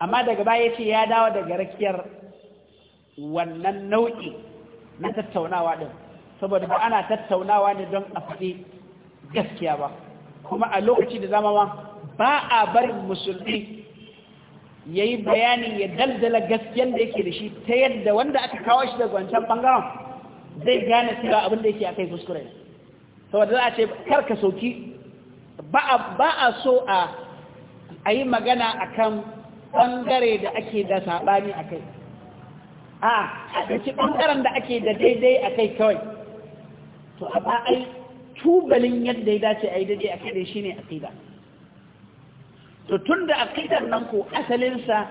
amma daga baya ce ya dawo daga rakiyar wannan nau'i na tattaunawa ɗin saboda ba ana tattaunawa ne don a faɗi gaskiya ba kuma a lokaci da zama ma ba a barin musulmi ya yi bayani ya daldala gaskiyan da yake da shi ta yadda wanda aka kawo shi daga wancan ɓangaren zai gane cewa abin da yake a kai kuskure ne saboda za a ce karka sauki ba a so a yi magana akan ɓangare da ake da saɓani a kai a ɗauki ɓangaren da ake da daidai a kai kawai to a ba tubalin yadda ya dace a yi daidai a kai dai kai da to tun da a da nan ko asalinsa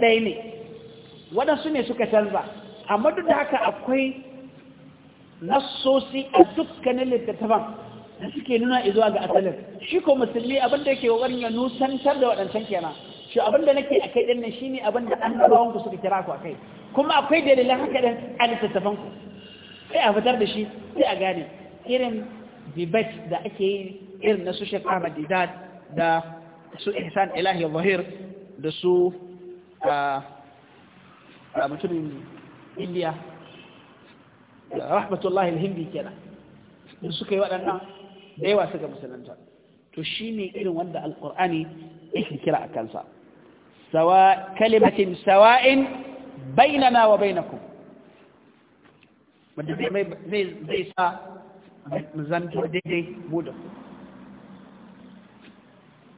ɗaya ne waɗansu ne suka canza amma duk da haka akwai nasosi a dukkanin littattafan da suke nuna izuwa ga asalin shi ko musulmi abinda yake kokarin ya nusantar da waɗancan kenan shi abinda nake a kai ɗin nan ne abinda annabawan ku suka kira ku a kai kuma akwai dalilan haka ɗin a littattafanku sai a fitar da shi sai a gane irin debate da ake yi irin na su shek ahmad didad da su ihsan ilahi zahir da su a mutumin indiya rahmatullahi alhindi da suka yi waɗannan da yawa suka musulunta to shi ne irin wanda alƙur'ani yake kira a kansa sawa kalimatin sawa'in bainana wa bainakum wanda zai zai sa mu zanto daidai mu da ku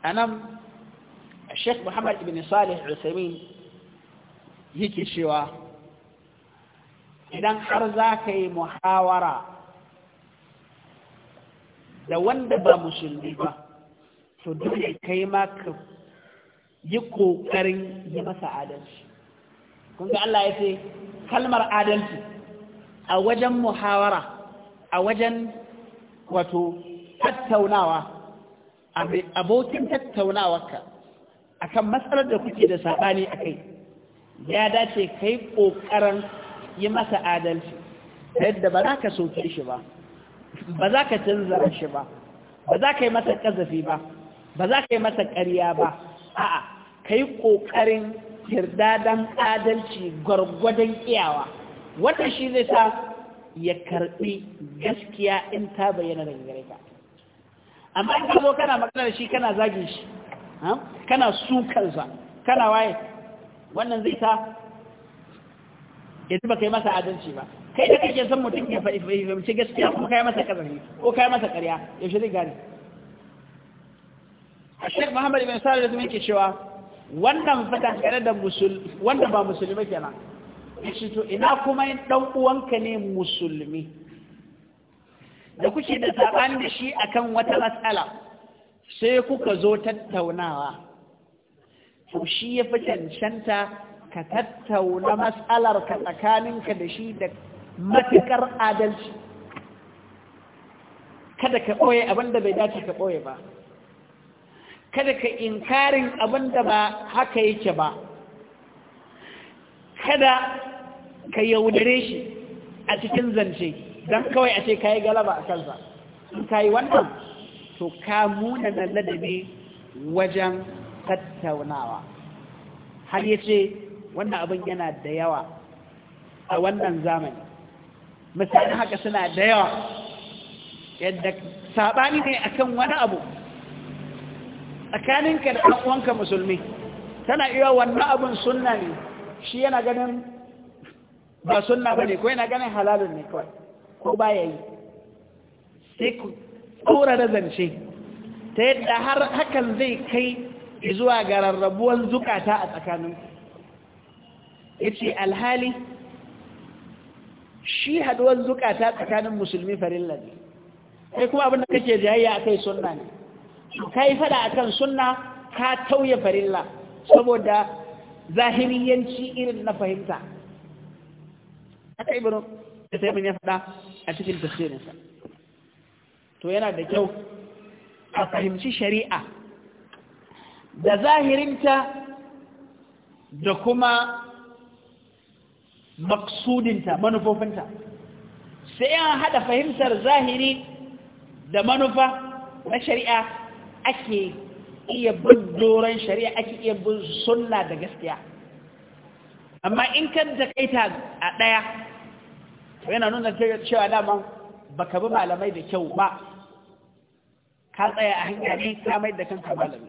anan Sheikh Muhammad ibn Salih Al-Uthaymeen yake cewa idan har za ka yi muhawara da wanda ba musulmi ba to dole kai ma ka yi ƙoƙarin yi masa adalci kun ga Allah ya ce kalmar adalci a wajen muhawara a wajen wato tattaunawa abokin tattaunawarka kan matsalar da kuke da saɓani a kai ya dace ka yi ƙoƙarin yi masa adalci ta yadda ba za ka soke shi ba ba za ka canza shi ba ba za ka yi masa ƙazafi ba ba za ka yi masa ƙarya ba a'a ka yi ƙoƙarin kirdadan adalci gwargwadon iyawa wata shi zai sa ya karbi gaskiya in ta bayyana daga gare ka amma in ka zo kana magana da shi kana zagi shi kana sukansa kana waye wannan zai sa ya zuba kai masa adalci ba kai da kake son mutum ya fahimci gaskiya kuma kai masa kazari ko kai masa karya yaushe zai gane a shek muhammad ibn salih da ke cewa wannan fatan kare da musulmi wanda ba musulmi kenan shi to ina kuma dan uwanka ne musulmi da kuke da sabani da shi akan wata matsala sai kuka zo tattaunawa to shi ya fi cancanta ka tattauna matsalar ka tsakaninka da shi da matukar adalci kada ka ɓoye abinda bai dace ka ɓoye ba kada ka inkarin abin da ba haka yake ba kada ka yaudare shi a cikin zance don kawai a ce ka yi galaba a kansa in ka yi wannan to ka munana ladabi wajen tattaunawa har ya ce wannan abin yana da yawa a wannan zamani misalin haka suna da yawa yadda saɓani ne akan wani abu tsakaninka da ɗan uwanka musulmi tana iya wannan abin sunna ne shi yana ganin ba sunna ba ne ko yana ganin halalun ne kawai ko ba ya yi sai ku ƙura da zance ta yadda har hakan zai kai zuwa ga rarrabuwan zukata a tsakaninku ya ce alhali shi haduwar zukata tsakanin musulmi farin lalle sai kuma abin da kake jayayya a kai sunna ne ka yi fada akan suna ka tauye farilla saboda zahiriyanci irin na fahimta haka ibn mun ya fada a cikin tasirinsa to yana da kyau a fahimci shari'a da zahirinta da kuma maksudinta manufofinta sai an hada fahimtar zahiri da manufa na shari'a ake iya bin doron shari'a ake iya bin sunna da gaskiya amma in kan takaita a ɗaya yana nuna cewa daman baka bi malamai da kyau ba ka tsaya a hanya ne ka mai da kanka malami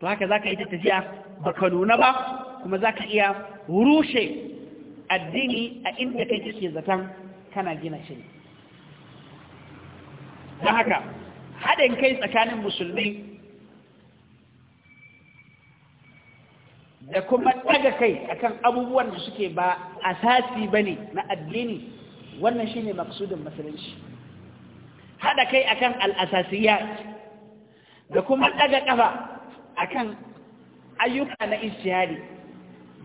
to haka zaka yi ta tafiya baka nuna ba kuma zaka iya rushe addini a inda kai kake zaton kana gina shi don haka haɗin kai tsakanin musulmi da kuma ɗaga kai akan abubuwan da suke ba asasi ba ne na addini wannan shi ne maksudin musulunci haɗa kai akan al'asasiya da kuma ɗaga ƙafa akan ayyuka na istihari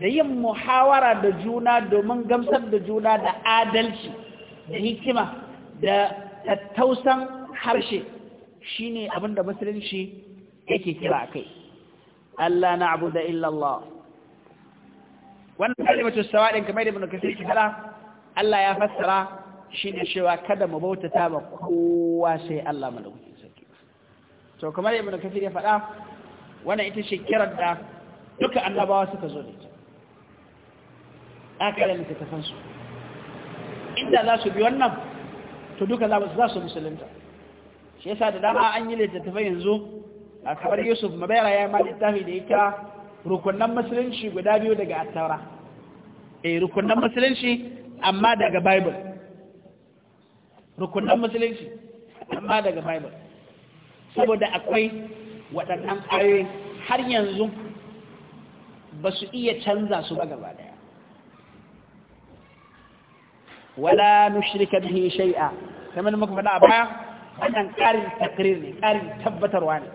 da yin muhawara da juna domin gamsar da juna da adalci da hikima da tattausan harshe shine abin da musulunci yake kira kai Allah na na'budu illa Allah wannan kalimatu sawadin kamar da ibn kasir ke fara Allah ya fassara ne cewa kada mu bauta ta ba kowa sai Allah madaukakin sarki to kamar ibn kasir ya faɗa, wannan ita ce kiran da duka annabawa suka zo da ita aka da littattafansu inda za su bi wannan to duka za su musulunta shi yasa da dama an yi littattafai yanzu a kamar yusuf mabaira ya ma littafi da ya kira rukunan musulunci guda biyu daga attaura eh rukunan musulunci amma daga bible rukunan musulunci amma daga bible saboda akwai waɗannan ayoyi har yanzu ba su iya canza su ba gaba daya wala nushrika bihi shay'a kamar muka faɗa a baya wannan ƙarin takrir ne ƙarin tabbatarwa ne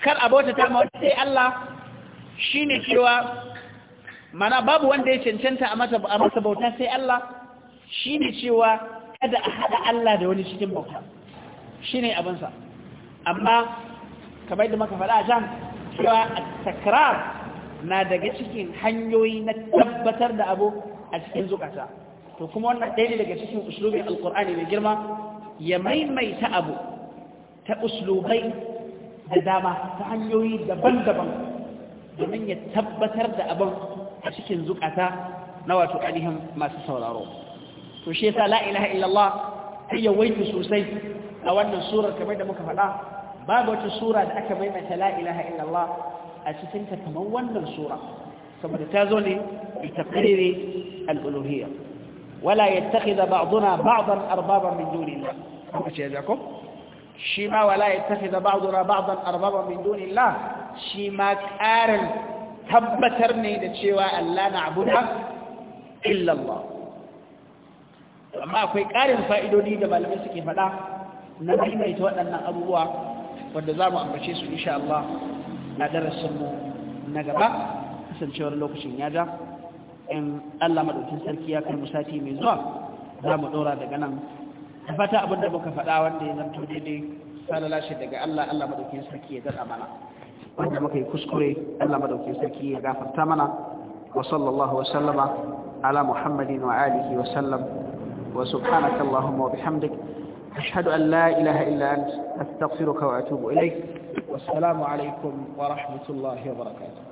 kar a bauta ta mawata sai Allah shi ne cewa mana babu wanda ya cancanta a masa bauta sai Allah shi ne cewa kada a haɗa Allah da wani cikin bauta shi ne abinsa amma kamar da maka faɗa a can cewa a takrar na daga cikin hanyoyi na tabbatar da abu a cikin zukata to kuma wannan ɗaya ne daga cikin usulubin alkur'ani mai girma ya maimaita abu ta uslubai da dama ta hanyoyi daban-daban domin ya tabbatar da abin a cikin zukata na wato ainihin masu sauraro to shi yasa la'ilaha ilaha illallah sai ya waifi sosai a wannan surar kamar da muka faɗa babu wata sura da aka maimaita la'ilaha illallah a cikin kamar wannan sura saboda ta zo ne bi taqriri al-uluhiyya wala yattakhidha ba'duna ba'dan arbaban min dunillah kuma ce da ko shi ma wala yattakhidha ba'duna ba'dan arbaban min dunillah shima ma tabbatar ne da cewa Allah na abuda illa Allah amma akwai karin fa'idodi da malamai suke faɗa na maimaita waɗannan abubuwa wanda za mu ambace su insha Allah na darasin mu na gaba kasancewar lokacin ya da. in Allah madaukin sarki ya kai musati mai zuwa za mu daga nan da fata abin da muka faɗa wanda ya zanto daidai salala daga Allah Allah madaukin sarki ya gaza mana wanda muka yi kuskure Allah madaukin sarki ya gafarta mana wa sallallahu wa sallama ala muhammadin wa alihi wa sallam wa subhanaka allahumma wa bihamdik ashhadu an la ilaha illa ant astaghfiruka wa atubu ilaik wassalamu alaikum wa rahmatullahi wa barakatuh